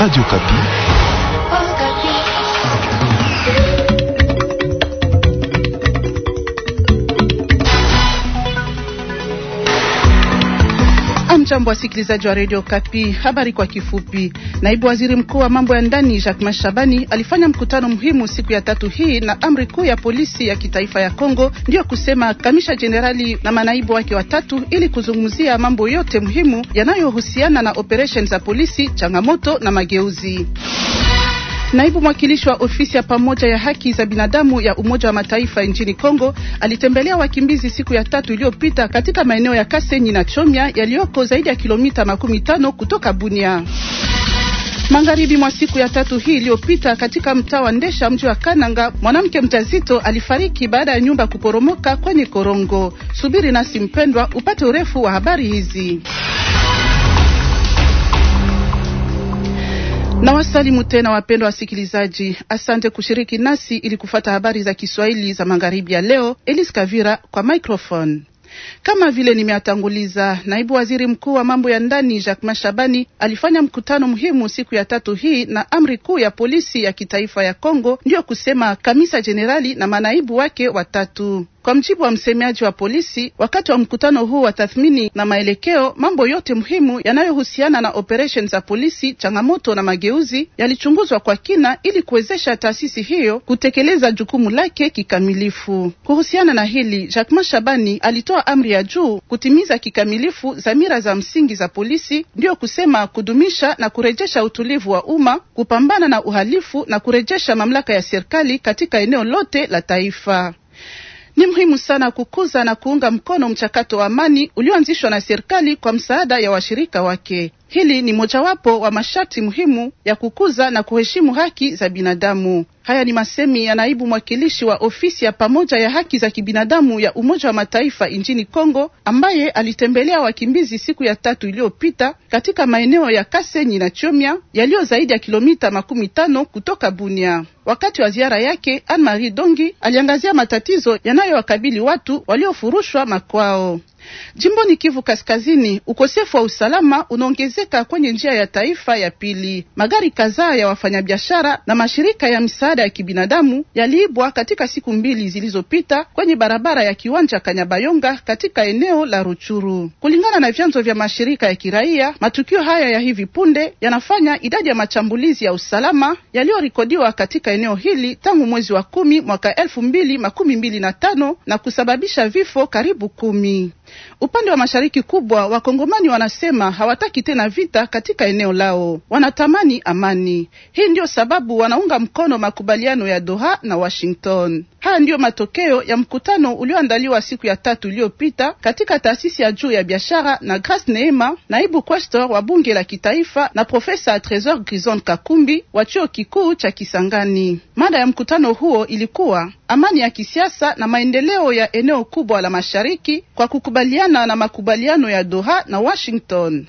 Radio Capi. Hamjambo, wasikilizaji wa redio Kapi. Habari kwa kifupi. Naibu waziri mkuu wa mambo ya ndani Jacques Mashabani alifanya mkutano muhimu siku ya tatu hii na amri kuu ya polisi ya kitaifa ya Kongo, ndiyo kusema kamisha jenerali na manaibu wake watatu, ili kuzungumzia mambo yote muhimu yanayohusiana na operesheni za polisi, changamoto na mageuzi. Naibu mwakilishi wa ofisi ya pamoja ya haki za binadamu ya Umoja wa Mataifa nchini Kongo alitembelea wakimbizi siku ya tatu iliyopita katika maeneo ya Kasenyi na Chomya yaliyoko zaidi ya kilomita makumi tano kutoka Bunia. Magharibi mwa siku ya tatu hii iliyopita katika mtaa wa Ndesha mji wa Kananga, mwanamke mjazito alifariki baada ya nyumba kuporomoka kwenye korongo. Subiri nasi mpendwa, upate urefu wa habari hizi. Mm. Na wasalimu tena wapendwa wasikilizaji, asante kushiriki nasi ili kufata habari za Kiswahili za magharibi ya leo. Elis Kavira kwa microphone. Kama vile nimeatanguliza, naibu waziri mkuu wa mambo ya ndani Jacques Mashabani alifanya mkutano muhimu siku ya tatu hii na amri kuu ya polisi ya kitaifa ya Kongo, ndiyo kusema kamisa jenerali na manaibu wake watatu. Kwa mjibu wa msemaji wa polisi, wakati wa mkutano huu wa tathmini na maelekeo, mambo yote muhimu yanayohusiana na operesheni za polisi, changamoto na mageuzi yalichunguzwa kwa kina ili kuwezesha taasisi hiyo kutekeleza jukumu lake kikamilifu. Kuhusiana na hili, Jacquemain Shabani alitoa amri ya juu kutimiza kikamilifu dhamira za msingi za polisi, ndiyo kusema kudumisha na kurejesha utulivu wa umma, kupambana na uhalifu na kurejesha mamlaka ya serikali katika eneo lote la taifa. Ni muhimu sana kukuza na kuunga mkono mchakato wa amani ulioanzishwa na serikali kwa msaada ya washirika wake. Hili ni mojawapo wa masharti muhimu ya kukuza na kuheshimu haki za binadamu. Haya ni masemi ya naibu mwakilishi wa ofisi ya pamoja ya haki za kibinadamu ya Umoja wa Mataifa nchini Kongo, ambaye alitembelea wakimbizi siku ya tatu iliyopita katika maeneo ya Kasenyi na chomia yaliyo zaidi ya kilomita makumi tano kutoka Bunia. Wakati wa ziara yake, Anne Marie Dongi aliangazia matatizo yanayowakabili watu waliofurushwa makwao. Jimboni Kivu Kaskazini, ukosefu wa usalama unaongezeka kwenye njia ya taifa ya pili. Magari kadhaa ya wafanyabiashara na mashirika ya misaada ya kibinadamu yaliibwa katika siku mbili zilizopita kwenye barabara ya kiwanja Kanyabayonga katika eneo la Ruchuru. Kulingana na vyanzo vya mashirika ya kiraia, matukio haya ya hivi punde yanafanya idadi ya machambulizi ya usalama yaliyorekodiwa katika eneo hili tangu mwezi wa kumi mwaka elfu mbili makumi mbili na tano na kusababisha vifo karibu kumi. Upande wa mashariki kubwa, wakongomani wanasema hawataki tena vita katika eneo lao, wanatamani amani. Hii ndio sababu wanaunga mkono makubaliano ya Doha na Washington. Haya ndiyo matokeo ya mkutano ulioandaliwa siku ya tatu iliyopita katika taasisi ya juu ya biashara na Grace Neema, naibu questor wa bunge la kitaifa na profesa Tresor Grison Kakumbi wa chuo kikuu cha Kisangani. Mada ya mkutano huo ilikuwa amani ya kisiasa na maendeleo ya eneo kubwa la mashariki kwa kukubaliana na makubaliano ya Doha na Washington.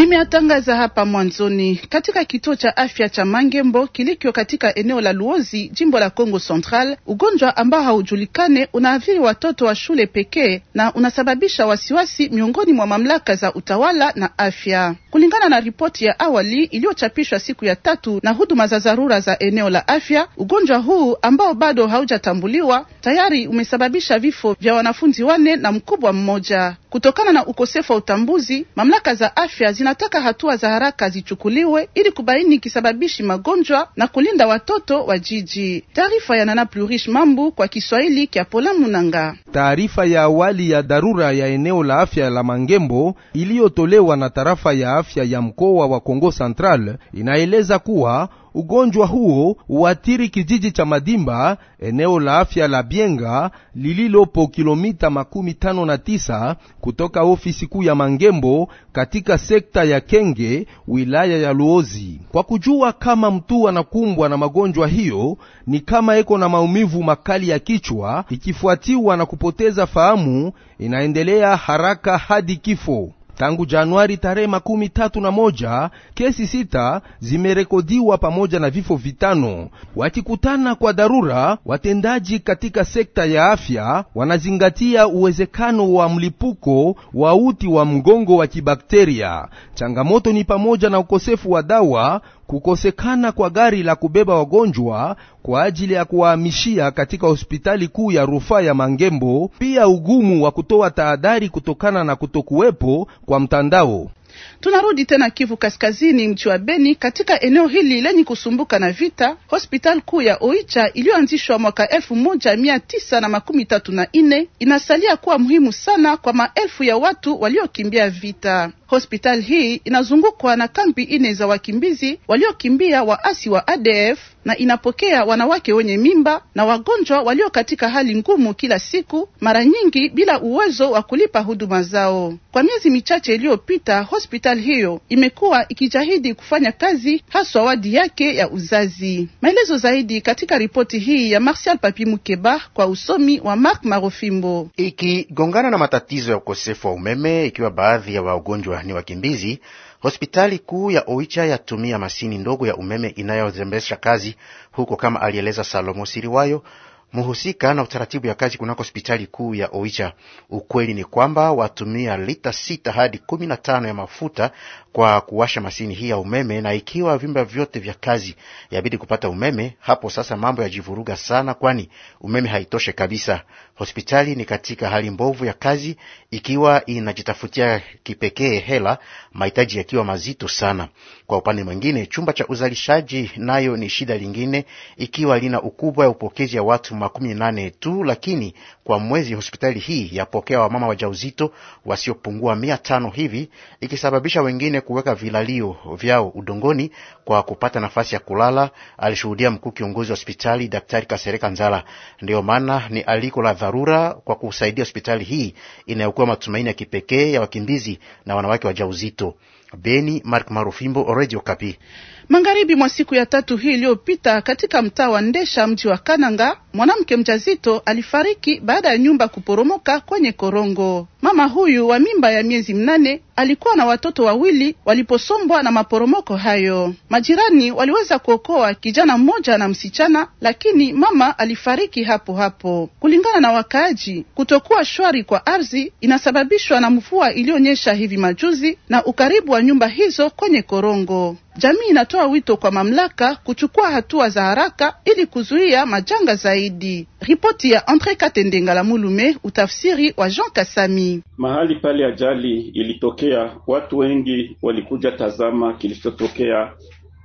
Nimeatangaza hapa mwanzoni katika kituo cha afya cha Mangembo kilicho katika eneo la Luozi, jimbo la congo Central, ugonjwa ambao haujulikane unaathiri watoto wa shule pekee na unasababisha wasiwasi miongoni mwa mamlaka za utawala na afya, kulingana na ripoti ya awali iliyochapishwa siku ya tatu na huduma za dharura za eneo la afya. Ugonjwa huu ambao bado haujatambuliwa tayari umesababisha vifo vya wanafunzi wanne na mkubwa mmoja. Kutokana na ukosefu wa utambuzi, mamlaka za afya zinataka hatua za haraka zichukuliwe ili kubaini kisababishi magonjwa na kulinda watoto wa jiji. Taarifa ya Nana Plurish Mambu kwa Kiswahili kya Pola Munanga. Taarifa ya awali ya dharura ya eneo la afya la Mangembo iliyotolewa na tarafa ya afya ya mkoa wa Kongo Central inaeleza kuwa Ugonjwa huo huathiri kijiji cha Madimba, eneo la afya la Bienga lililopo kilomita makumi tano na tisa kutoka ofisi kuu ya Mangembo katika sekta ya Kenge, wilaya ya Luozi. Kwa kujua kama mtu anakumbwa na magonjwa hiyo, ni kama eko na maumivu makali ya kichwa ikifuatiwa na kupoteza fahamu, inaendelea haraka hadi kifo. Tangu Januari tarehe makumi tatu na moja kesi sita zimerekodiwa pamoja na vifo vitano. Wakikutana kwa dharura, watendaji katika sekta ya afya wanazingatia uwezekano wa mlipuko wa uti wa mgongo wa kibakteria. Changamoto ni pamoja na ukosefu wa dawa kukosekana kwa gari la kubeba wagonjwa kwa ajili ya kuwahamishia katika hospitali kuu ya rufaa ya Mangembo, pia ugumu wa kutoa tahadhari kutokana na kutokuwepo kwa mtandao. Tunarudi tena Kivu Kaskazini, mji wa Beni, katika eneo hili lenye kusumbuka na vita. Hospitali kuu ya Oicha iliyoanzishwa mwaka elfu moja mia tisa na makumi tatu na nne inasalia kuwa muhimu sana kwa maelfu ya watu waliokimbia vita. Hospitali hii inazungukwa na kambi ine za wakimbizi waliokimbia waasi wa ADF na inapokea wanawake wenye mimba na wagonjwa walio katika hali ngumu kila siku, mara nyingi bila uwezo wa kulipa huduma zao. Kwa miezi michache iliyopita hospitali hospitali hiyo imekuwa ikijahidi kufanya kazi haswa wadi yake ya uzazi. Maelezo zaidi katika ripoti hii ya Martial Papi Mukeba kwa usomi wa Mark Marofimbo. Ikigongana na matatizo ya ukosefu wa umeme, ikiwa baadhi ya wagonjwa ni wakimbizi Hospitali kuu ya Oicha yatumia masini ndogo ya umeme inayozembesha kazi huko, kama alieleza Salomo Siriwayo, mhusika na utaratibu ya kazi kunako hospitali kuu ya Oicha. Ukweli ni kwamba watumia lita sita hadi kumi na tano ya mafuta kwa kuwasha masini hii ya umeme, na ikiwa vyumba vyote vya kazi yabidi kupata umeme, hapo sasa mambo yajivuruga sana, kwani umeme haitoshe kabisa. Hospitali ni katika hali mbovu ya kazi, ikiwa inajitafutia kipekee hela, mahitaji yakiwa mazito sana. Kwa upande mwingine, chumba cha uzalishaji nayo ni shida lingine, ikiwa lina ukubwa ya upokezi ya watu makumi nane tu, lakini kwa mwezi hospitali hii yapokea wamama wajauzito wasiopungua mia tano hivi, ikisababisha wengine kuweka vilalio vyao udongoni kwa kupata nafasi ya kulala, alishuhudia mkuu kiongozi wa hospitali Daktari Kasereka Nzala. Ndio maana ni aliko la dharura kwa kusaidia hospitali hii inayokuwa matumaini ya kipekee ya wakimbizi na wanawake wajauzito. Beni Mark Marufimbo, Radio Kapi. Magharibi mwa siku ya tatu hii iliyopita, katika mtaa wa Ndesha, mji wa Kananga, mwanamke mjazito alifariki baada ya nyumba kuporomoka kwenye korongo. Mama huyu wa mimba ya miezi mnane alikuwa na watoto wawili waliposombwa na maporomoko hayo. Majirani waliweza kuokoa kijana mmoja na msichana, lakini mama alifariki hapo hapo. Kulingana na wakaaji, kutokuwa shwari kwa ardhi inasababishwa na mvua iliyonyesha hivi majuzi na ukaribu wa nyumba hizo kwenye korongo. Jamii inatoa wito kwa mamlaka kuchukua hatua za haraka ili kuzuia majanga zaidi. Ripoti ya Andre Katendengala Mulume, utafsiri wa Jean Kasami. Mahali pale ajali ilitokea, watu wengi walikuja tazama kilichotokea.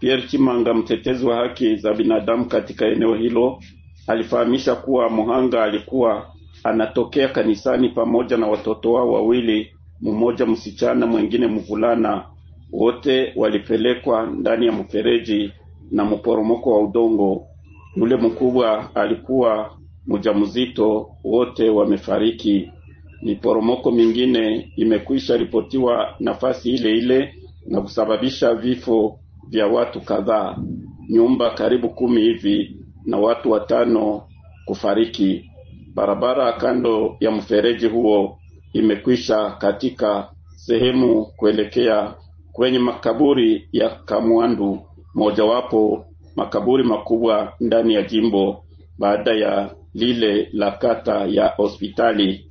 Pierre Chimanga, mtetezi wa haki za binadamu katika eneo hilo, alifahamisha kuwa muhanga alikuwa anatokea kanisani pamoja na watoto wao wawili, mmoja msichana, mwingine mvulana. Wote walipelekwa ndani ya mfereji na mporomoko wa udongo. Yule mkubwa alikuwa mjamzito wote wamefariki. Miporomoko mingine imekwisha ripotiwa nafasi ile ile na kusababisha vifo vya watu kadhaa, nyumba karibu kumi hivi na watu watano kufariki. Barabara kando ya mfereji huo imekwisha katika sehemu kuelekea kwenye makaburi ya Kamwandu, mojawapo makaburi makubwa ndani ya jimbo baada ya lile la kata ya hospitali.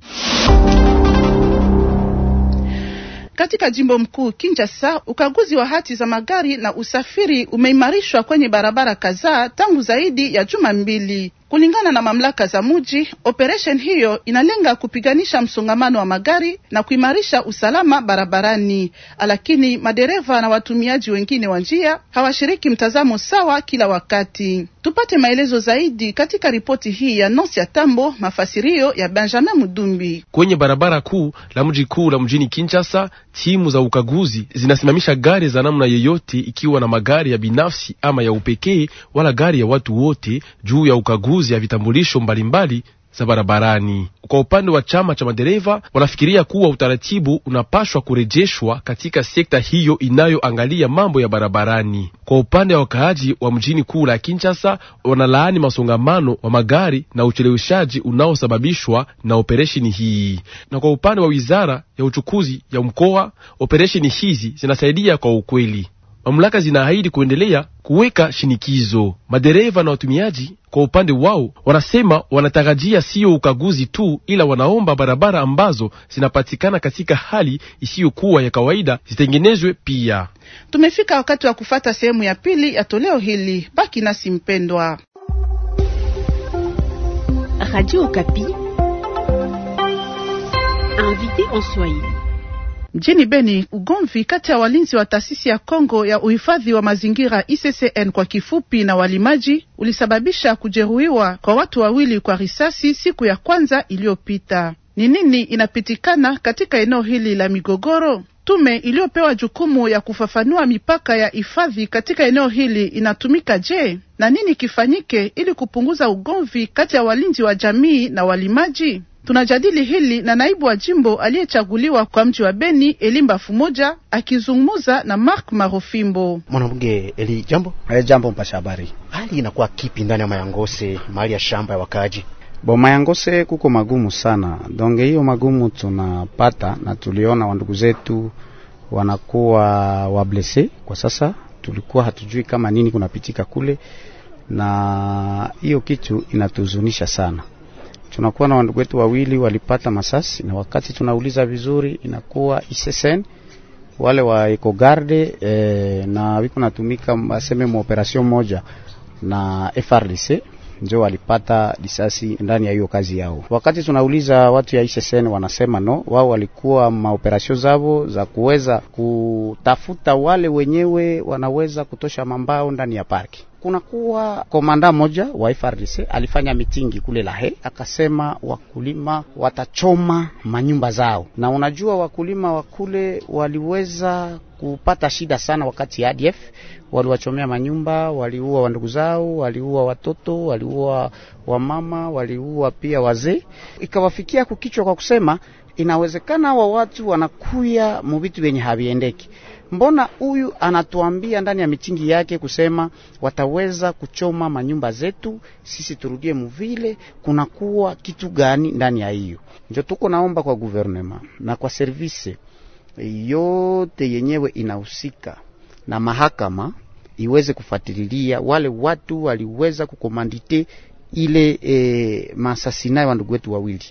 Katika jimbo mkuu Kinshasa, ukaguzi wa hati za magari na usafiri umeimarishwa kwenye barabara kadhaa tangu zaidi ya juma mbili. Kulingana na mamlaka za muji, operation hiyo inalenga kupiganisha msongamano wa magari na kuimarisha usalama barabarani, lakini madereva na watumiaji wengine wa njia hawashiriki mtazamo sawa kila wakati. Tupate maelezo zaidi katika ripoti hii ya Nosi ya Tambo, mafasirio ya Benjamin Mudumbi. Kwenye barabara kuu la mji kuu la mjini Kinshasa, timu za ukaguzi zinasimamisha gari za namna yeyote, ikiwa na magari ya binafsi ama ya upekee, wala gari ya watu wote juu ya ukaguzi ununuzi ya vitambulisho mbalimbali za barabarani. Kwa upande wa chama cha madereva, wanafikiria kuwa utaratibu unapashwa kurejeshwa katika sekta hiyo inayoangalia mambo ya barabarani. Kwa upande wa wakaaji wa mjini kuu la Kinshasa, wanalaani masongamano wa magari na ucheleweshaji unaosababishwa na operesheni hii. Na kwa upande wa wizara ya uchukuzi ya mkoa, operesheni hizi zinasaidia kwa ukweli mamlaka zinaahidi kuendelea kuweka shinikizo. Madereva na watumiaji kwa upande wao wanasema wanatarajia sio ukaguzi tu, ila wanaomba barabara ambazo zinapatikana katika hali isiyokuwa ya kawaida zitengenezwe pia. Tumefika wakati wa kufata sehemu ya pili ya toleo hili. Baki nasi mpendwa. Radio Okapi, invité en Swahili. Mjini Beni, ugomvi kati ya walinzi wa taasisi ya Kongo ya uhifadhi wa mazingira ICCN kwa kifupi na walimaji ulisababisha kujeruhiwa kwa watu wawili kwa risasi siku ya kwanza iliyopita. Ni nini inapitikana katika eneo hili la migogoro? Tume iliyopewa jukumu ya kufafanua mipaka ya hifadhi katika eneo hili inatumika je, na nini kifanyike ili kupunguza ugomvi kati ya walinzi wa jamii na walimaji? Tunajadili hili na naibu wa jimbo aliyechaguliwa kwa mji wa Beni Elimba Fumoja akizungumza na Mark Marofimbo. Mwanabunge Eli, jambo. E, jambo mpasha habari. Hali inakuwa kipi ndani ya Mayangose, mahali ya shamba ya wakaaji? Bo Mayangose kuko magumu sana, donge hiyo magumu tunapata na tuliona wandugu zetu wanakuwa wablese kwa sasa. Tulikuwa hatujui kama nini kunapitika kule, na hiyo kitu inatuzunisha sana tunakuwa na wandugu wetu wawili walipata masasi, na wakati tunauliza vizuri inakuwa ISSN wale wa ekogarde eh, na wiko natumika aseme operation moja na FRDC njo walipata risasi ndani ya hiyo kazi yao. Wakati tunauliza watu ya ISSN wanasema no, wao walikuwa maoperasio zao za kuweza kutafuta wale wenyewe wanaweza kutosha mambao ndani ya parki kunakuwa komanda moja wa FRDC alifanya mitingi kule Lahe, akasema wakulima watachoma manyumba zao, na unajua wakulima wa kule waliweza kupata shida sana wakati ya ADF waliwachomea manyumba, waliua wandugu zao, waliua watoto, waliua wamama, waliua pia wazee. Ikawafikia kukichwa kwa kusema inawezekana hawa watu wanakuya muvitu vyenye haviendeki Mbona huyu anatuambia ndani ya mitingi yake kusema wataweza kuchoma manyumba zetu, sisi turudie muvile? Kunakuwa kitu gani ndani ya hiyo? Ndio tuko naomba kwa guvernema na kwa servise yote yenyewe inahusika na mahakama iweze kufuatilia wale watu waliweza kukomandite ile e, eh, masasina ya wandugu wetu wawili.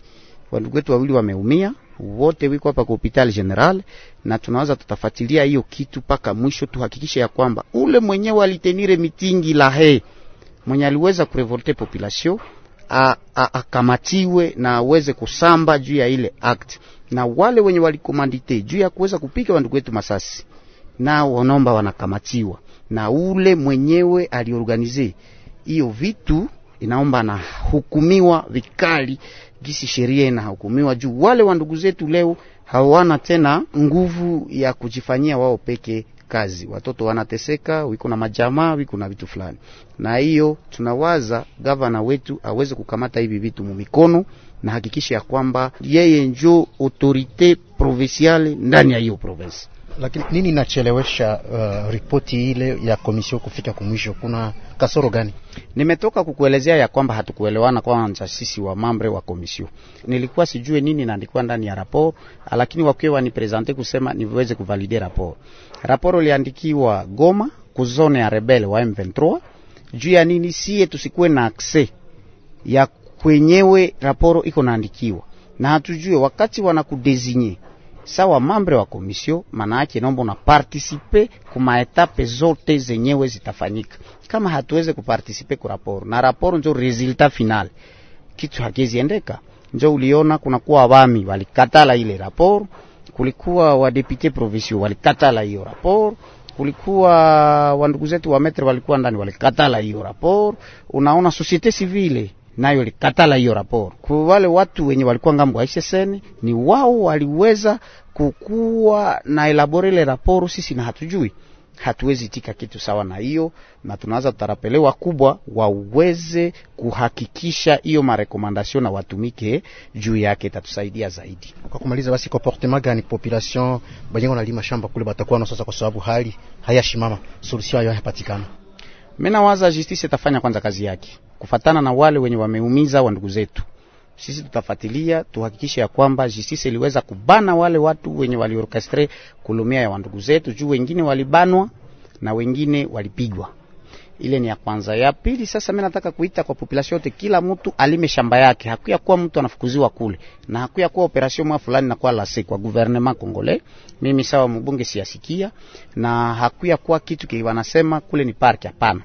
Wandugu wetu wawili wameumia wote wiko hapa kwa hospital general, na tunawaza tutafuatilia hiyo kitu paka mwisho, tuhakikishe ya kwamba ule mwenyewe alitenire mitingi la he mwenye aliweza kurevolte population akamatiwe na aweze kusamba juu ya ile act, na wale wenye walikomandite juu ya kuweza kupiga wandugu wetu masasi na wanaomba wanakamatiwa, na ule mwenyewe aliorganize hiyo vitu inaomba hukumiwa vikali gisi sheria inahukumiwa, juu wale wa ndugu zetu leo hawana tena nguvu ya kujifanyia wao peke kazi. Watoto wanateseka, wiko na majamaa, wiko na vitu fulani, na hiyo tunawaza gavana wetu aweze kukamata hivi vitu mumikono na hakikisha ya kwamba yeye njo autorite provinciale ndani ya hiyo province. Lakini nini inachelewesha uh, ripoti ile ya komisio kufika kumwisho? Kuna kasoro gani? Nimetoka kukuelezea ya kwamba hatukuelewana kwanza sisi wa mambre wa komisio. Nilikuwa sijue nini naandikwa ndani ya rapo, lakini wakiwa wanipresente kusema niweze kuvalide rapo. Raporo iliandikiwa Goma kuzone ya rebele wa M23 juu ya nini? Sie tusikuwe na akse ya kwenyewe raporo iko naandikiwa na hatujue wakati wanakudezinye sawa mambre wa komisio, maanayake nomba na partisipe kumaetape zote zenyewe zitafanyika. Kama hatuweze kupartisipe ku raporo na raporo njo resultat final, kitu endeka. Njo uliona kunakuwa wami walikatala ile raporo, kulikuwa wadepute provinciaux walikatala hiyo raporo kulikuwa wandugu zetu wa metre walikuwa ndani walikatala hiyo rapor. Unaona, societe civile nayo likatala hiyo raporo. Kwa wale watu wenye walikuwa ngambo wa SSN ni wao waliweza kukuwa na elabore ile raporo, sisi na hatujui hatuwezi tika kitu sawa na hiyo, na tunaanza tutarapelewa kubwa waweze kuhakikisha hiyo marekomandasyon na watumike juu yake, itatusaidia zaidi. Kwa kumaliza basi, comportement gani population banyengo na lima shamba kule batakuwa na sasa, kwa sababu hali hayashimama, solution hayo hayapatikana. Menawaza justice itafanya kwanza kazi yake kufatana na wale wenye wameumiza wa ndugu zetu. Sisi tutafuatilia tuhakikishe ya kwamba justice iliweza kubana wale watu wenye waliorkestre kulumia ya ndugu zetu, juu wengine walibanwa na wengine walipigwa. Ile ni ya kwanza. Ya pili, sasa mimi nataka kuita kwa population yote, kila mtu alime shamba yake. Hakuya kuwa mtu anafukuziwa kule na hakuya kuwa operation mwa fulani na kwa lasi kwa gouvernement kongole. Mimi sawa mbunge siasikia, na hakuya kuwa kitu kile wanasema kule ni park, hapana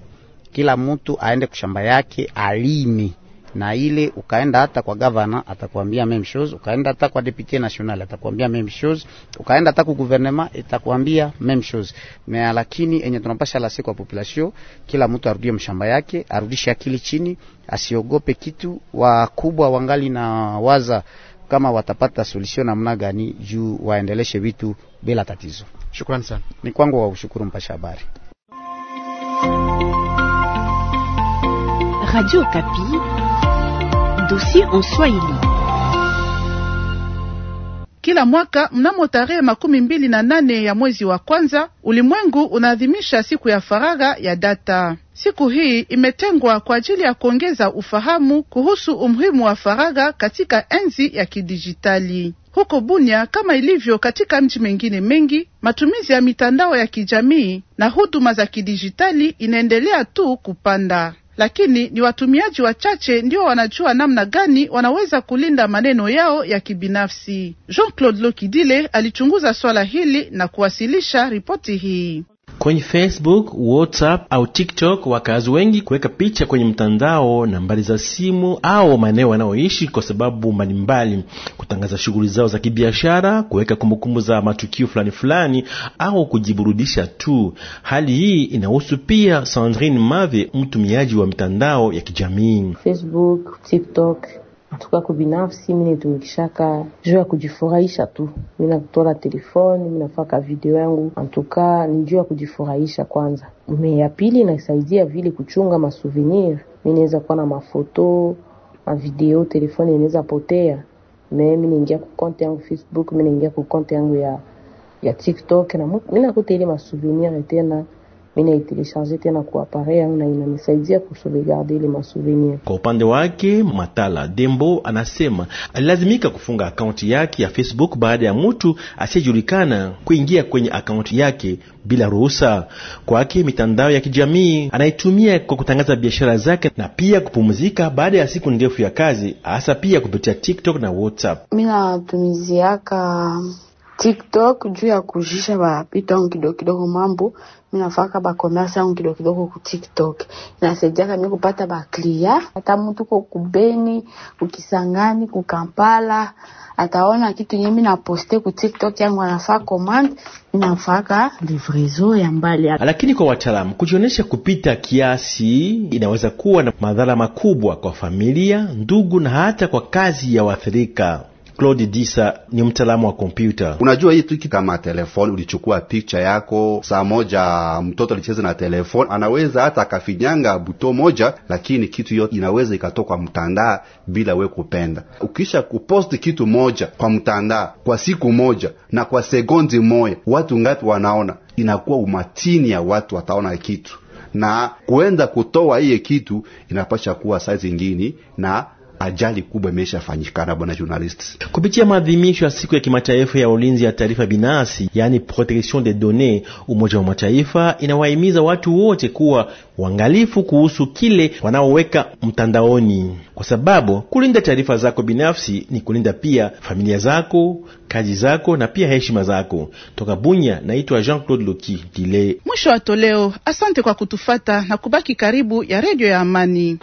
kila mtu aende kushamba yake alime na ile ukaenda hata kwa governor atakwambia meme shows, ukaenda hata kwa deputy national atakwambia meme shows, ukaenda hata kwa gouvernement itakwambia meme shows. Me lakini enye tunapasha la siku kwa population, kila mtu arudie mshamba yake, arudishe akili chini, asiogope kitu. Wakubwa wangali na waza kama watapata solution namna gani juu waendeleshe vitu bila tatizo. Shukrani sana, ni kwangu wa kushukuru mpasha habari. Radio Okapi, dossier en Swahili. Kila mwaka mnamo tarehe makumi mbili na nane ya mwezi wa kwanza ulimwengu unaadhimisha siku ya faragha ya data. Siku hii imetengwa kwa ajili ya kuongeza ufahamu kuhusu umuhimu wa faragha katika enzi ya kidijitali. Huko Bunia, kama ilivyo katika mji mengine mengi, matumizi ya mitandao ya kijamii na huduma za kidijitali inaendelea tu kupanda lakini ni watumiaji wachache ndio wanajua namna gani wanaweza kulinda maneno yao ya kibinafsi. Jean-Claude Lokidile alichunguza swala hili na kuwasilisha ripoti hii kwenye Facebook, WhatsApp au TikTok, wakazi wengi kuweka picha kwenye mtandao, nambari za simu au maeneo wanaoishi kwa sababu mbalimbali, kutangaza shughuli zao za kibiashara, kuweka kumbukumbu za matukio fulani fulani au kujiburudisha tu. Hali hii inahusu pia Sandrine Mave, mtumiaji wa mitandao ya kijamii Facebook, TikTok ko binafsi, mimi nitumikishaka juu ya kujifurahisha tu, mimi natwala telefoni, mimi nafaka video yangu antuka, ni juu ya kujifurahisha kwanza. Me ya pili naisaidia vile kuchunga masouvenir, mimi naweza kuwa na mafoto mavideo, telefoni inaweza potea, me mimi ningia ku konte yangu Facebook, mimi ningia ku konte yangu ya ya TikTok na mimi nakuta ile masouvenir tena minaitilisharge tena kuaparea na inanisaidia kusuvegarde ile masouvenir. Kwa upande wake Matala Dembo anasema alilazimika kufunga akaunti yake ya Facebook baada ya mtu asiyejulikana kuingia kwenye akaunti yake bila ruhusa. Kwake mitandao ya kijamii anaitumia kwa kutangaza biashara zake na pia kupumzika baada ya siku ndefu ya kazi, hasa pia kupitia TikTok na WhatsApp. Mina tumiziaka TikTok juu ya kujisha bapita kidogo kidogo mambo minafaka bakomersa yangu kidogo kidogo ku TikTok, inasaidiaka mimi kupata baklia. Hata mtu ko kubeni kukisangani kukampala ataona kitu nyemi na naposte ku TikTok yangu, anafaa command inafaka livrezo ya mbali. Lakini kwa wataalamu, kujionesha kupita kiasi inaweza kuwa na madhara makubwa kwa familia, ndugu na hata kwa kazi ya waathirika. Claude Disa ni mtaalamu wa kompyuta. Unajua hii tuki kama telefoni, ulichukua picha yako saa moja, mtoto alicheza na telefoni, anaweza hata akafinyanga buto moja, lakini kitu yote inaweza ikatoka mtandao bila we kupenda. Ukisha kuposti kitu moja kwa mtandao kwa siku moja na kwa sekondi moja, watu ngapi wanaona? Inakuwa umatini ya watu wataona kitu na kuenda kutoa hiye kitu inapasha kuwa saa zingine na ajali kubwa na bwana journalist. Kupitia maadhimisho ya siku ya kimataifa ya ulinzi ya taarifa binafsi, yaani protection des données, Umoja wa Mataifa inawahimiza watu wote kuwa waangalifu kuhusu kile wanaoweka mtandaoni, kwa sababu kulinda taarifa zako binafsi ni kulinda pia familia zako, kazi zako na pia heshima zako. Toka Bunya, naitwa Jean-Claude Loki Dile. Mwisho wa toleo. Asante kwa kutufata na kubaki karibu ya redio ya Amani.